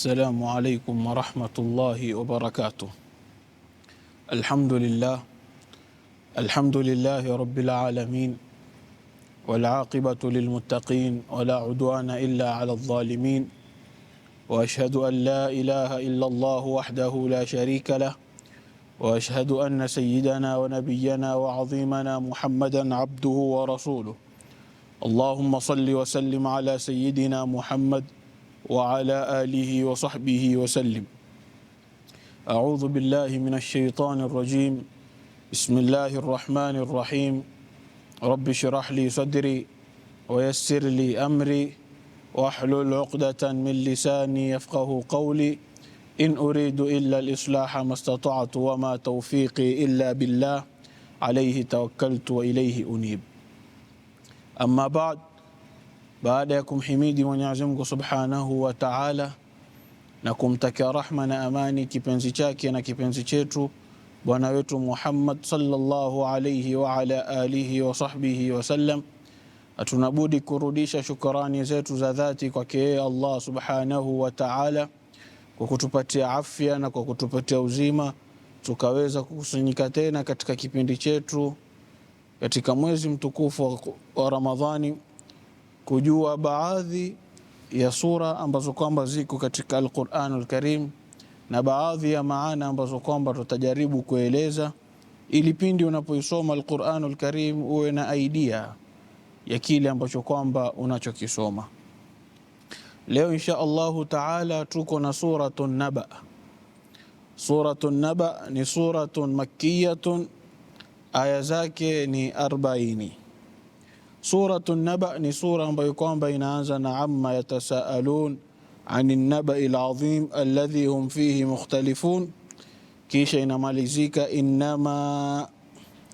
السلام عليكم ورحمة الله وبركاته الحمد لله الحمد لله رب العالمين والعاقبة للمتقين ولا عدوان إلا على الظالمين وأشهد أن لا إله إلا الله وحده لا شريك له وأشهد أن سيدنا ونبينا وعظيمنا محمدا عبده ورسوله اللهم صل وسلم على سيدنا محمد وعلى آله وصحبه وسلم أعوذ بالله من الشيطان الرجيم بسم الله الرحمن الرحيم رب اشرح لي صدري ويسر لي أمري واحلل عقدة من لساني يفقه قولي إن أريد إلا الإصلاح ما استطعت وما توفيقي إلا بالله عليه توكلت وإليه أنيب أما بعد Baada ya kumhimidi Mwenyezi Mungu Subhanahu wa Ta'ala na kumtakia rahma na amani kipenzi chake na kipenzi chetu bwana wetu Muhammad sallallahu alayhi wa ala alihi wa sahbihi wa sallam, atunabudi kurudisha shukrani zetu za dhati kwake yeye Allah Subhanahu wa Ta'ala kwa kutupatia afya na kwa kutupatia uzima tukaweza kukusanyika tena katika kipindi chetu katika mwezi mtukufu wa Ramadhani kujua baadhi ya sura ambazo kwamba ziko katika Al-Qur'anul na baadhi ya maana ambazo kwamba tutajaribu kueleza ili pindi unapoisoma Al-Qur'anul uwe na idea ya kile ambacho kwamba unachokisoma. Leo insha Allahu taala tuko na suratun Naba. Suratun Naba ni suratu makkiyatun, aya zake ni 40. سورة النبأ نسورة بيكون بينانزا عما نعم يتساءلون عن النبأ العظيم الذي هم فيه مختلفون كي إنما ماليزيك إنما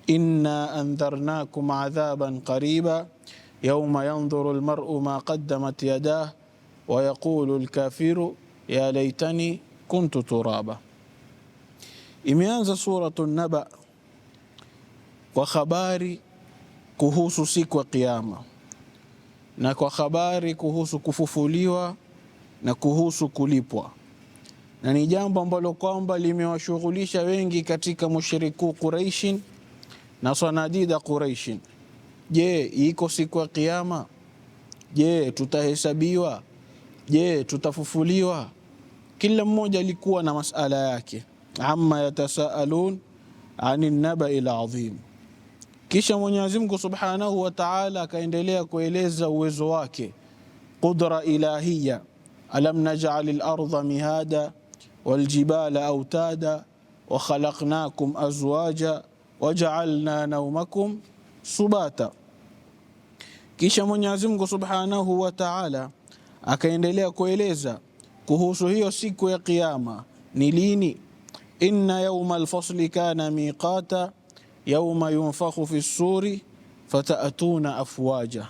إنا أنذرناكم عذابا قريبا يوم ينظر المرء ما قدمت يداه ويقول الكافر يا ليتني كنت ترابا إميانز سورة النبأ وخباري kuhusu siku ya Kiyama na kwa habari kuhusu kufufuliwa na kuhusu kulipwa, na ni jambo ambalo kwamba limewashughulisha wengi katika mushiriku Quraishin na swanadida Quraishin. Je, iko siku ya Kiyama? Je, tutahesabiwa? Je, tutafufuliwa? Kila mmoja alikuwa na masala yake. Amma yatasaalun anin nabai ladhim kisha Mwenyezi Mungu Subhanahu wa Ta'ala akaendelea kueleza uwezo wake, qudra ilahiya, alam naj'al al-ardha mihada waljibala autada wa khalaqnakum azwaja waja'alna naumakum subata. Kisha Mwenyezi Mungu Subhanahu wa Ta'ala akaendelea kueleza kuhusu hiyo siku ya Kiyama ni lini, inna yawma alfasli kana miqata yauma yunfakhu fi ssuri fataatuna afwaja.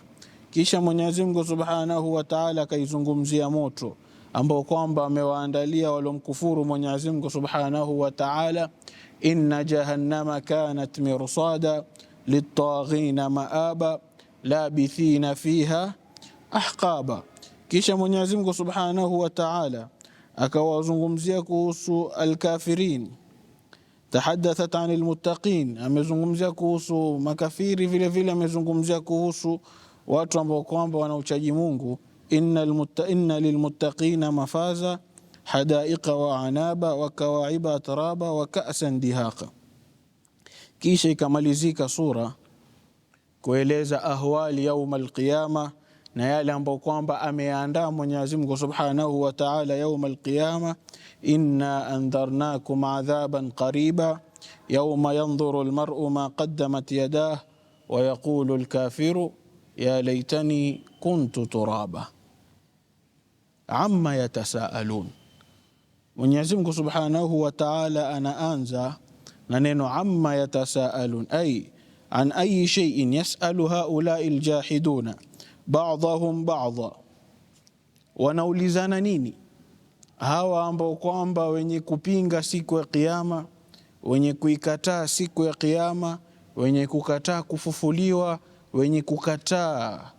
Kisha Mwenyezi Mungu Subhanahu wa Ta'ala akaizungumzia moto ambao kwamba amewaandalia waliomkufuru Mwenyezi Mungu Subhanahu wa Ta'ala, inna jahannama kanat mirsada litaghina maaba labithina fiha ahqaba. Kisha Mwenyezi Mungu Subhanahu wa Ta'ala akawazungumzia kuhusu alkafirin Tahadathat an lmuttaqin, amezungumzia kuhusu makafiri, vile vile amezungumzia kuhusu watu ambao kwamba wanauchaji Mungu. Inna lilmuttaqina mafaza hadaiqa wa anaba wa kawaiba atraba wa ka'san dihaqa. Kisha ikamalizika sura kueleza ahwali yauma alqiyama na yale ambayo kwamba ameandaa Mwenyezi Mungu Subhanahu wa Ta'ala yauma alqiyama, inna andharnakum adhaban qariba yauma yandhuru almar'u ma qaddamat yadah wa yaqulu alkafiru ya laitani kuntu turaba amma yatasaalun. Mwenyezi Mungu Subhanahu wa Ta'ala anaanza na neno amma yatasaalun, ay an ayi shay'in yasalu haulai aljahiduna badhahum badha, wanaulizana nini hawa ambao kwamba wenye kupinga siku ya Kiama, wenye kuikataa siku ya Kiama, wenye kukataa kufufuliwa, wenye kukataa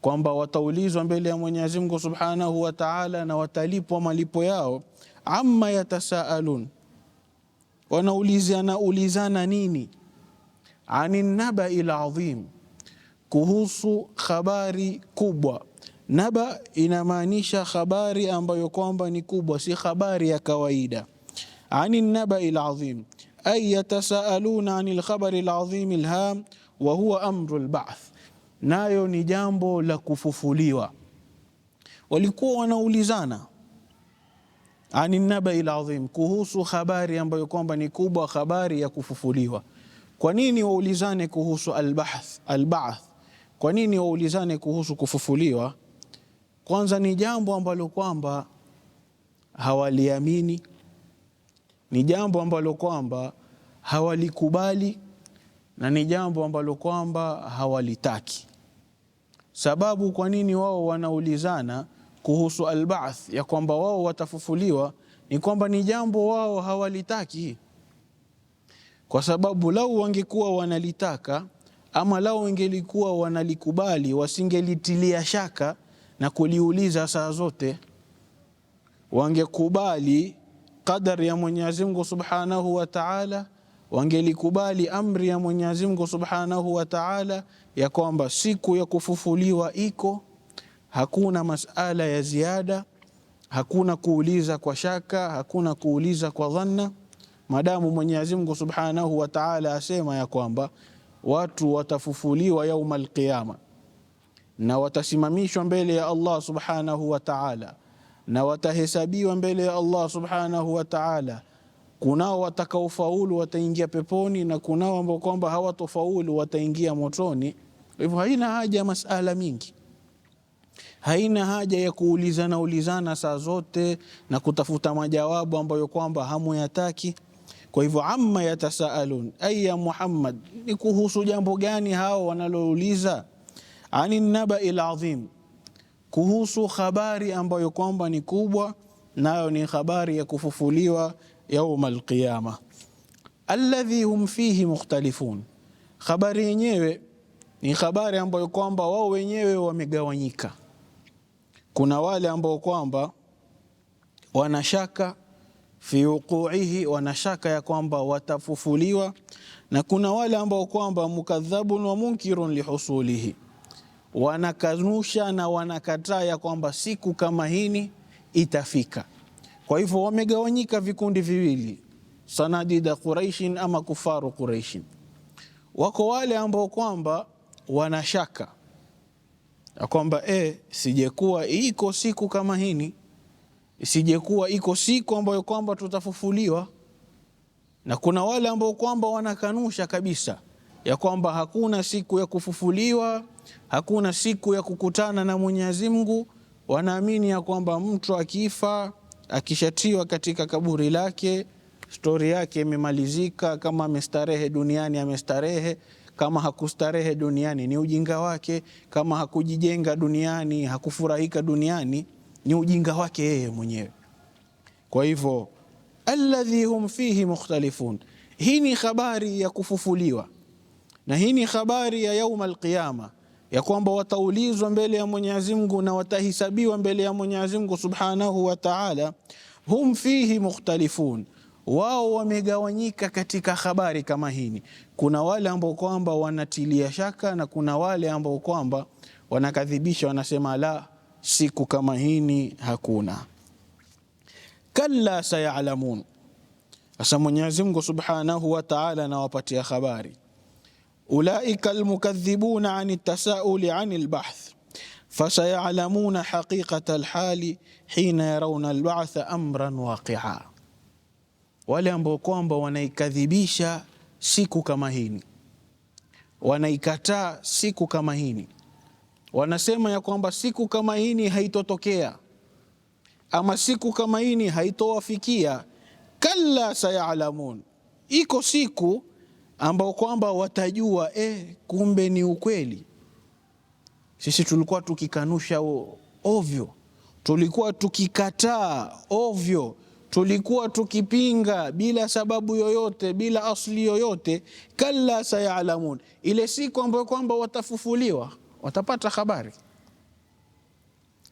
kwamba wataulizwa mbele ya Mwenyezi Mungu Subhanahu wa Ta'ala na watalipwa malipo yao. Amma yatasaalun, wanaulizana ulizana nini? Anin nabai ladhim kuhusu habari kubwa. Naba inamaanisha habari ambayo kwamba ni kubwa, si habari ya kawaida. Ani nabai ladhim ay yatasaaluna ani lkhabari ladhim lham wa huwa amru lbath, nayo ni jambo la kufufuliwa. Walikuwa wanaulizana ani nabai ladhim, kuhusu habari ambayo kwamba ni kubwa, habari ya kufufuliwa. Kwa nini waulizane kuhusu albath albath kwa nini waulizane kuhusu kufufuliwa? Kwanza ni jambo ambalo kwamba hawaliamini, ni jambo ambalo kwamba hawalikubali, na ni jambo ambalo kwamba hawalitaki. Sababu kwa nini wao wanaulizana kuhusu albaath, ya kwamba wao watafufuliwa, ni kwamba ni jambo wao hawalitaki, kwa sababu lau wangekuwa wanalitaka ama lao wengelikuwa wanalikubali wasingelitilia shaka na kuliuliza saa zote, wangekubali qadari ya Mwenyezi Mungu Subhanahu wa Ta'ala, wangelikubali amri ya Mwenyezi Mungu Subhanahu wa Ta'ala ya kwamba siku ya kufufuliwa iko, hakuna masala ya ziada, hakuna kuuliza kwa shaka, hakuna kuuliza kwa dhanna, madamu Mwenyezi Mungu Subhanahu wa Ta'ala asema ya kwamba watu watafufuliwa yauma alqiyama na watasimamishwa mbele ya Allah subhanahu wa ta'ala, na watahesabiwa mbele ya Allah subhanahu wa ta'ala. Kunao watakaofaulu wataingia peponi, na kunao ambao kwamba hawatofaulu wataingia motoni. hivyo haina haja ya masala mingi, haina haja ya kuulizana ulizana saa zote na kutafuta majawabu ambayo kwamba hamuyataki. Kwa hivyo amma yatasaalun ay ya Muhammad, ni kuhusu jambo gani hao wanalouliza? Ani nabai ladhim, kuhusu habari ambayo kwamba ni kubwa, nayo ni habari ya kufufuliwa yauma alqiyama. Alladhi hum fihi mukhtalifun, habari yenyewe ni habari ambayo kwamba wao wenyewe wamegawanyika. Kuna wale ambao kwamba wanashaka fi wuquihi, wana shaka ya kwamba watafufuliwa, na kuna wale ambao kwamba mukadhabun wa munkirun lihusulihi, wanakanusha na wanakataa ya kwamba siku kama hini itafika. Kwa hivyo wamegawanyika vikundi viwili, sanadida Quraishin ama kufaru Quraishin. Wako wale ambao kwamba wanashaka ya kwamba e, eh, sijekuwa iko siku kama hini isijekuwa iko siku ambayo kwamba tutafufuliwa, na kuna wale ambao kwamba wanakanusha kabisa ya kwamba hakuna siku ya kufufuliwa, hakuna siku ya kukutana na Mwenyezi Mungu. Wanaamini ya kwamba mtu akifa akishatiwa katika kaburi lake, stori yake imemalizika. Kama amestarehe duniani amestarehe, kama hakustarehe duniani ni ujinga wake, kama hakujijenga duniani hakufurahika duniani ni ujinga wake yeye mwenyewe. Kwa hivyo alladhi hum fihi mukhtalifun, hii ni habari ya kufufuliwa na hii ni habari ya yauma alqiyama, ya kwamba wataulizwa mbele ya Mwenyezi Mungu na watahisabiwa mbele ya Mwenyezi Mungu subhanahu wa taala. Hum fihi mukhtalifun, wao wamegawanyika katika habari kama hini. Kuna wale ambao kwamba wanatilia shaka na kuna wale ambao kwamba wanakadhibisha, wanasema la siku kama hini hakuna. Kalla sayalamun. Sasa Mwenyezi Mungu Subhanahu wa Ta'ala anawapatia habari ulaika almukadhibuna an tasauli an albahth fasayalamuna haqiqata alhali hina yarauna albatha amran waqia, wale ambao kwamba wanaikadhibisha siku kama hini, wanaikataa siku kama hini wanasema ya kwamba siku kama hii haitotokea ama siku kama hii haitowafikia. Kalla sayalamun, iko siku ambao kwamba watajua eh, kumbe ni ukweli. Sisi tulikuwa tukikanusha ovyo, tulikuwa tukikataa ovyo, tulikuwa tukipinga bila sababu yoyote, bila asli yoyote. Kalla sayalamun, ile siku ambayo kwamba watafufuliwa watapata habari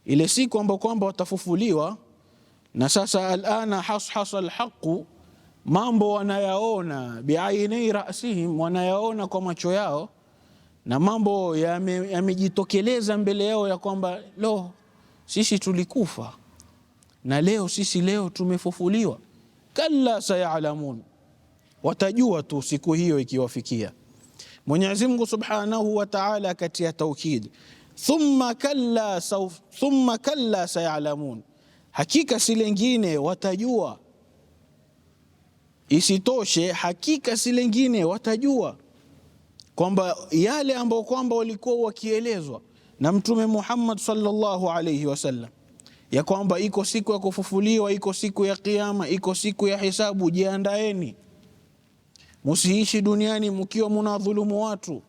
ile siku ambayo kwamba watafufuliwa. Na sasa alana hashasa lhaqu mambo wanayaona biainai rasihim, wanayaona kwa macho yao, na mambo yamejitokeleza yame mbele yao ya kwamba lo, sisi tulikufa na leo sisi leo tumefufuliwa. Kalla sayalamun, watajua tu siku hiyo ikiwafikia. Mwenyezi Mungu Subhanahu wa Ta'ala akatia tauhid, thumma kalla sauf, thumma kalla sayalamun, hakika si lengine watajua. Isitoshe, hakika si lengine watajua kwamba yale ambayo kwamba walikuwa wakielezwa na Mtume Muhammad sallallahu alayhi wasallam ya kwamba iko siku ya kufufuliwa, iko siku ya Kiyama, iko siku ya hisabu, jiandaeni Musiishi duniani mkiwa munadhulumu watu,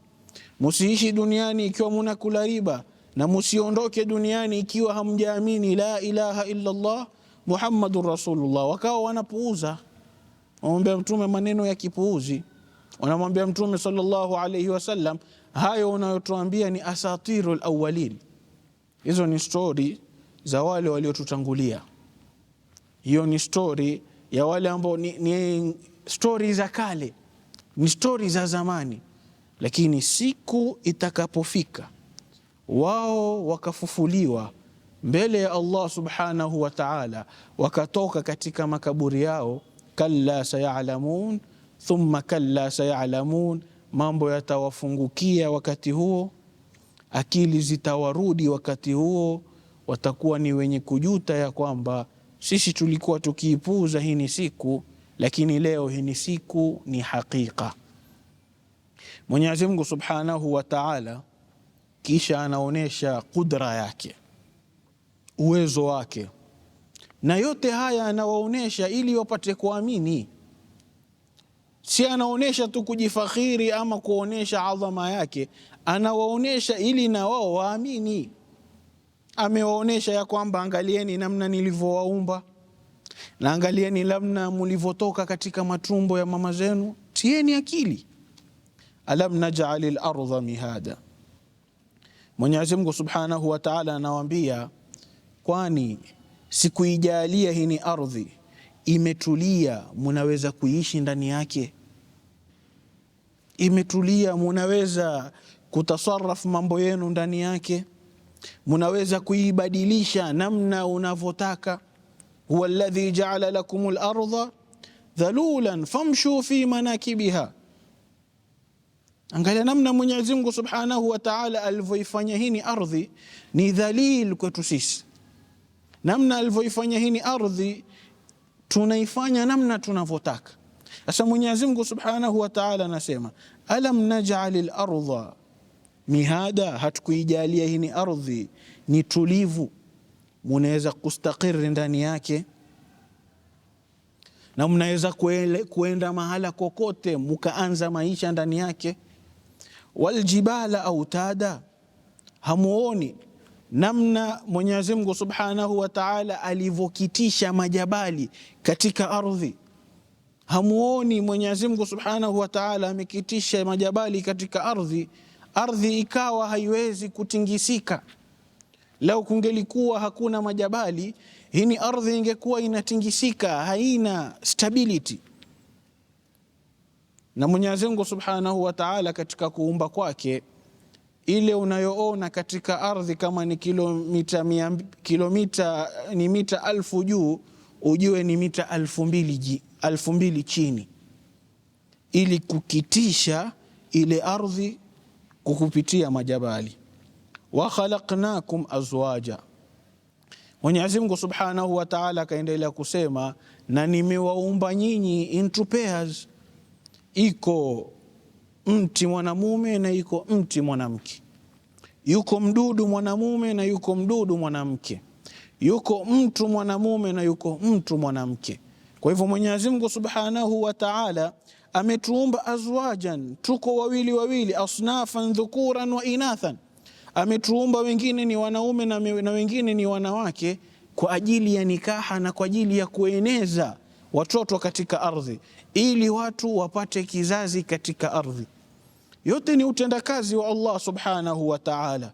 musiishi duniani ikiwa munakula riba, na musiondoke duniani ikiwa hamjaamini la ilaha illa Allah Muhammadur Rasulullah. Wakawa wanapuuza, wamwambia Mtume maneno ya kipuuzi, wanamwambia Mtume sallallahu alayhi wasallam, hayo unayotuambia ni asatirul awwalin, hizo ni stori za wale waliotutangulia. Hiyo ni stori ya wale ambao ni, ni stori za kale ni stori za zamani, lakini siku itakapofika wao wakafufuliwa mbele ya Allah subhanahu wa ta'ala, wakatoka katika makaburi yao. Kalla sayalamun thumma kalla sayalamun, mambo yatawafungukia wakati huo, akili zitawarudi wakati huo, watakuwa ni wenye kujuta ya kwamba sisi tulikuwa tukiipuuza hii ni siku lakini leo hii ni siku, ni hakika. Mwenyezi Mungu Subhanahu wa Ta'ala kisha anaonyesha kudra yake, uwezo wake, na yote haya anawaonyesha ili wapate kuamini. Si anaonyesha tu kujifakhiri ama kuonyesha adhama yake, anawaonyesha ili na wao waamini. Amewaonyesha ya kwamba angalieni namna nilivyowaumba na angalieni namna mlivyotoka katika matumbo ya mama zenu, tieni akili. Alam naj'ali al mihada, Mwenyezi Mungu Subhanahu wa Ta'ala anawaambia, kwani sikuijalia hii ni ardhi imetulia, munaweza kuishi ndani yake, imetulia, munaweza kutasarafu mambo yenu ndani yake, munaweza kuibadilisha namna unavyotaka هو الذي جعل لكم الأرض ذلولا famshu fi manakibiha angalia namna Mwenyezi Mungu Subhanahu wa Ta'ala alivyoifanya hii ardhi ni dhalil kwetu sisi namna alivyoifanya hii ardhi tunaifanya namna tunavyotaka sasa Mwenyezi Mungu Subhanahu wa Ta'ala anasema alam naj'alil ardha mihada hatukuijalia hii ardhi ni tulivu munaweza kustakiri ndani yake na mnaweza kuenda mahala kokote mukaanza maisha ndani yake. Waljibala autada, hamuoni namna Mwenyezi Mungu Subhanahu wa Ta'ala alivyokitisha majabali katika ardhi? Hamuoni Mwenyezi Mungu Subhanahu wa Ta'ala amekitisha majabali katika ardhi, ardhi ikawa haiwezi kutingisika Lau kungelikuwa hakuna majabali, hii ni ardhi ingekuwa inatingisika, haina stability. Na Mwenyezi Mungu Subhanahu wa Ta'ala katika kuumba kwake ile unayoona katika ardhi kama ni kilomita kilomita ni mita alfu juu, ujue ni mita alfu mbili, alfu mbili chini, ili kukitisha ile ardhi kukupitia majabali wa khalaqnakum azwaja. Mwenyezi Mungu Subhanahu wa Ta'ala akaendelea kusema, na nimewaumba nyinyi into pairs, iko mti mwanamume na iko mti mwanamke, yuko mdudu mwanamume na yuko mdudu mwanamke, yuko mtu mwanamume na yuko mtu mwanamke. Kwa hivyo Mwenyezi Mungu Subhanahu wa Ta'ala ametuumba azwajan, tuko wawili wawili, asnafan dhukuran wa inathan ametuumba wengine ni wanaume na, na wengine ni wanawake kwa ajili ya nikaha na kwa ajili ya kueneza watoto katika ardhi ili watu wapate kizazi katika ardhi. Yote ni utendakazi wa Allah subhanahu wa ta'ala,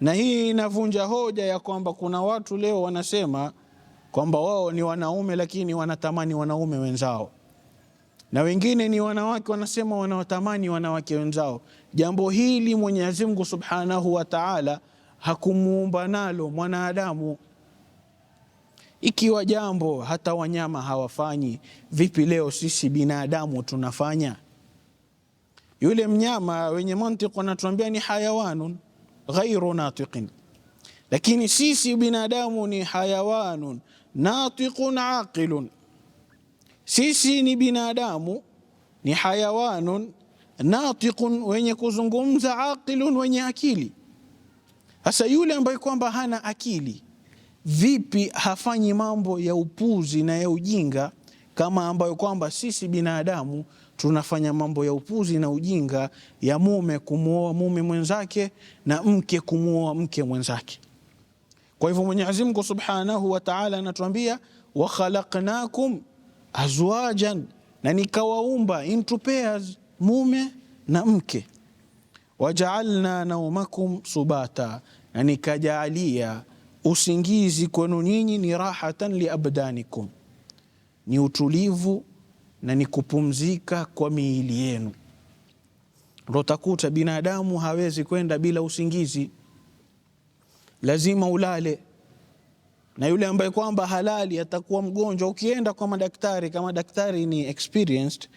na hii inavunja hoja ya kwamba kuna watu leo wanasema kwamba wao ni wanaume lakini wanatamani wanaume wenzao na wengine ni wanawake wanasema wanawatamani wanawake wenzao. Jambo hili Mwenyezi Mungu Subhanahu wa Ta'ala hakumuumba nalo mwanadamu. Ikiwa jambo hata wanyama hawafanyi, vipi leo sisi binadamu tunafanya? Yule mnyama wenye mantiki anatuambia ni hayawanun ghairu natiqin, lakini sisi binadamu ni hayawanun natiqun aqilun sisi ni binadamu, ni hayawanun natiqun, wenye kuzungumza, aqilun, wenye akili. Sasa yule ambaye kwamba hana akili, vipi hafanyi mambo ya upuzi na ya ujinga, kama ambayo kwamba sisi binadamu tunafanya mambo ya upuzi na ujinga ya mume kumwoa mume mwenzake na mke kumwoa mke mwenzake. Kwa hivyo Mwenyezi Mungu Subhanahu wa Ta'ala anatuambia wa khalaqnakum azwajan, na nikawaumba into pairs, mume na mke. Wajaalna naumakum subata, na nikajaalia usingizi kwenu nyinyi ni rahatan liabdanikum, ni utulivu na ni kupumzika kwa miili yenu. Ndo takuta binadamu hawezi kwenda bila usingizi, lazima ulale na yule ambaye kwamba halali atakuwa mgonjwa, ukienda kwa madaktari, kama daktari ni experienced,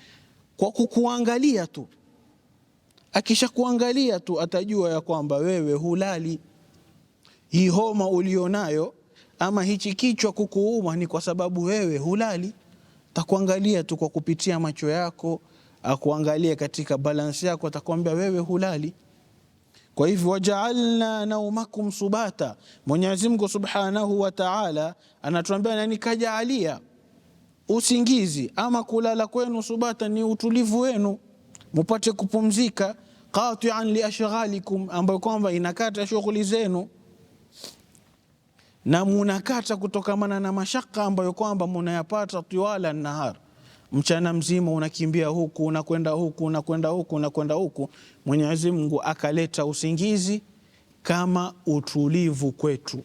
kwa kukuangalia tu, akishakuangalia tu atajua ya kwamba wewe hulali. Hii homa ulionayo ama hichi kichwa kukuuma ni kwa sababu wewe hulali. Takuangalia tu kwa kupitia macho yako, akuangalie katika balansi yako, atakwambia wewe hulali. Kwa hivyo wajaalna naumakum subata, Mwenyezi Mungu Subhanahu wa Ta'ala anatuambia na nikajaalia usingizi ama kulala kwenu subata, ni utulivu wenu, mupate kupumzika. Qati'an li ashghalikum, ambayo kwamba inakata shughuli zenu na munakata kutokamana na mashaka ambayo kwamba munayapata tiwala nahar mchana mzima unakimbia huku unakwenda huku unakwenda huku unakwenda huku. Mwenyezi Mungu akaleta usingizi kama utulivu kwetu,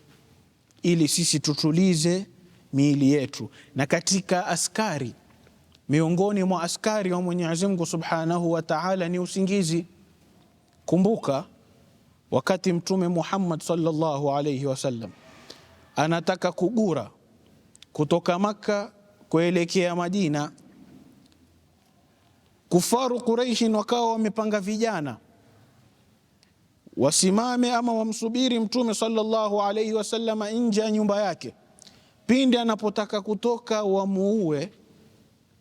ili sisi tutulize miili yetu. Na katika askari, miongoni mwa askari wa Mwenyezi Mungu Subhanahu wa Ta'ala ni usingizi. Kumbuka wakati Mtume Muhammad sallallahu alayhi wasallam anataka kugura kutoka Makka kuelekea Madina kufaru Quraishin wakawa wamepanga vijana wasimame ama wamsubiri Mtume sallallahu alaihi wasallama nje ya nyumba yake, pindi anapotaka kutoka wamuue.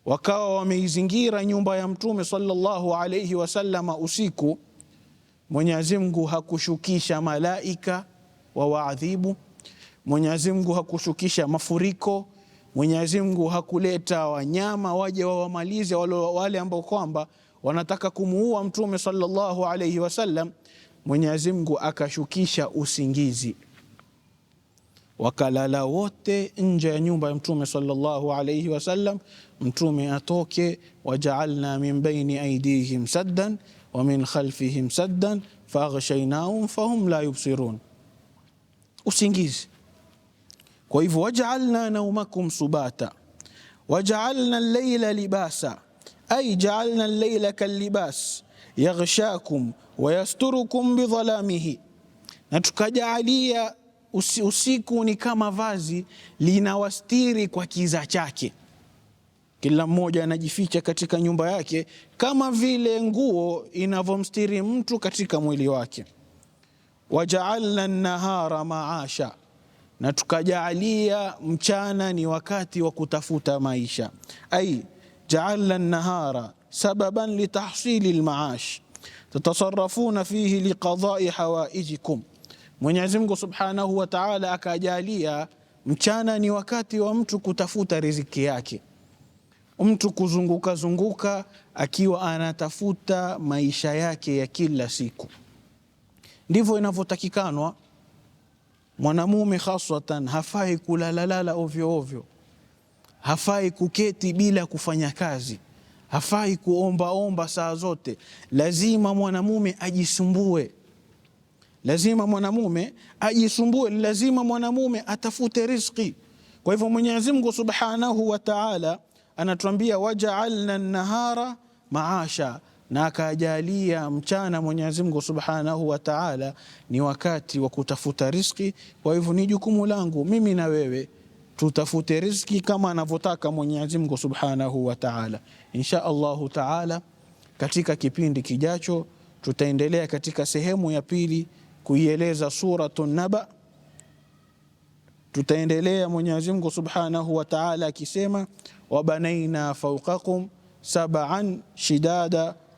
Wakawa wameizingira nyumba ya Mtume sallallahu alaihi wasallama usiku. Mwenyezi Mungu hakushukisha malaika wa waadhibu, Mwenyezi Mungu hakushukisha mafuriko Mwenyezi Mungu hakuleta wanyama waje wawamalize wale ambao kwamba wanataka kumuua Mtume sallallahu alaihi wasallam. Mwenyezi Mungu akashukisha usingizi, wakalala wote nje ya nyumba ya Mtume sallallahu alayhi wasallam, Mtume atoke. Wajaalna min baini aidihim saddan wa min khalfihim saddan faghshaynahum fahum la yubsirun. Usingizi kwa hivyo wajaalna naumakum subata wajaalna llaila libasa ai jaalna llaila kallibas yaghshakum wayasturukum bidhalamihi, na tukajaalia usi, usiku ni kama vazi linawastiri kwa kiza chake. Kila mmoja anajificha katika nyumba yake kama vile nguo inavyomstiri mtu katika mwili wake. Wajaalna nnahara maasha na tukajaalia mchana ni wakati wa kutafuta maisha, ai jaalna nahara sababan litahsili lmaash tatasarafuna fihi liqadai hawaijikum. Mwenyezi Mungu subhanahu wa taala akajalia mchana ni wakati wa mtu kutafuta riziki yake, mtu kuzunguka zunguka akiwa anatafuta maisha yake ya kila siku. Ndivyo inavyotakikanwa Mwanamume haswatan hafai kulalalala ovyo ovyo, hafai kuketi bila kufanya kazi, hafai kuombaomba saa zote. Lazima mwanamume ajisumbue, lazima mwanamume ajisumbue, lazima mwanamume atafute riziki. Kwa hivyo Mwenyezi Mungu Subhanahu wa Ta'ala anatuambia waja'alna nahara ma'asha na akajalia mchana Mwenyezi Mungu Subhanahu wa Ta'ala ni wakati wa kutafuta riziki. Kwa hivyo ni jukumu langu mimi na wewe tutafute riziki kama anavyotaka Mwenyezi Mungu Subhanahu wa Ta'ala. Insha Allahu Ta'ala, katika kipindi kijacho tutaendelea katika sehemu ya pili kuieleza suratu Naba. Tutaendelea Mwenyezi Mungu Subhanahu wa Ta'ala akisema, wabanaina fawqakum sab'an shidada